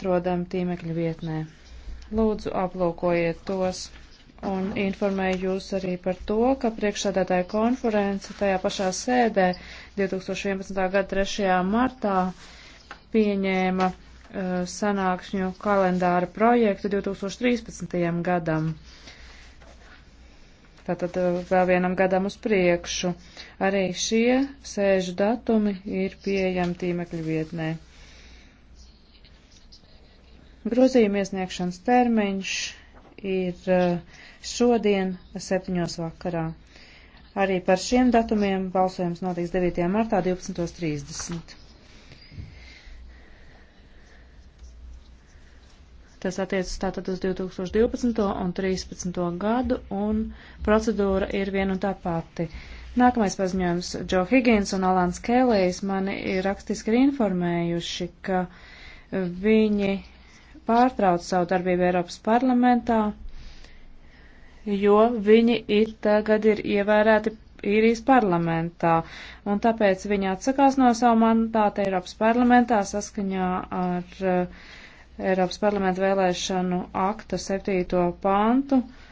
atrodam tīmekļa vietnē. Lūdzu, aplūkojiet tos un informēju jūs arī par to, ka priekšsādātāja konference tajā pašā sēdē 2011. gada 3. martā pieņēma uh, sanākšņu kalendāra projektu 2013. gadam. Tātad uh, vēl vienam gadam uz priekšu. Arī šie sēžu datumi ir pieejami tīmekļu vietnē. Grozījuma iesniegšanas termiņš ir eh, šodien, 7. vakarā. Arī par šiem datumiem balsojums notiks 9. martā 12.30. Tas attiecas tātad uz 2012. un 2013. gadu, un procedūra ir viena un tā pati. Nākamais paziņojums - Džo Higgins un Alans Kēlējs mani rakstiski ir informējuši, ka viņi pārtrauc savu darbību Eiropas parlamentā, jo viņi ir tagad ir ievērēti īrijas parlamentā, un tāpēc viņi atsakās no savu mandātu Eiropas parlamentā saskaņā ar uh, Eiropas parlamenta vēlēšanu akta septīto pantu. Uh,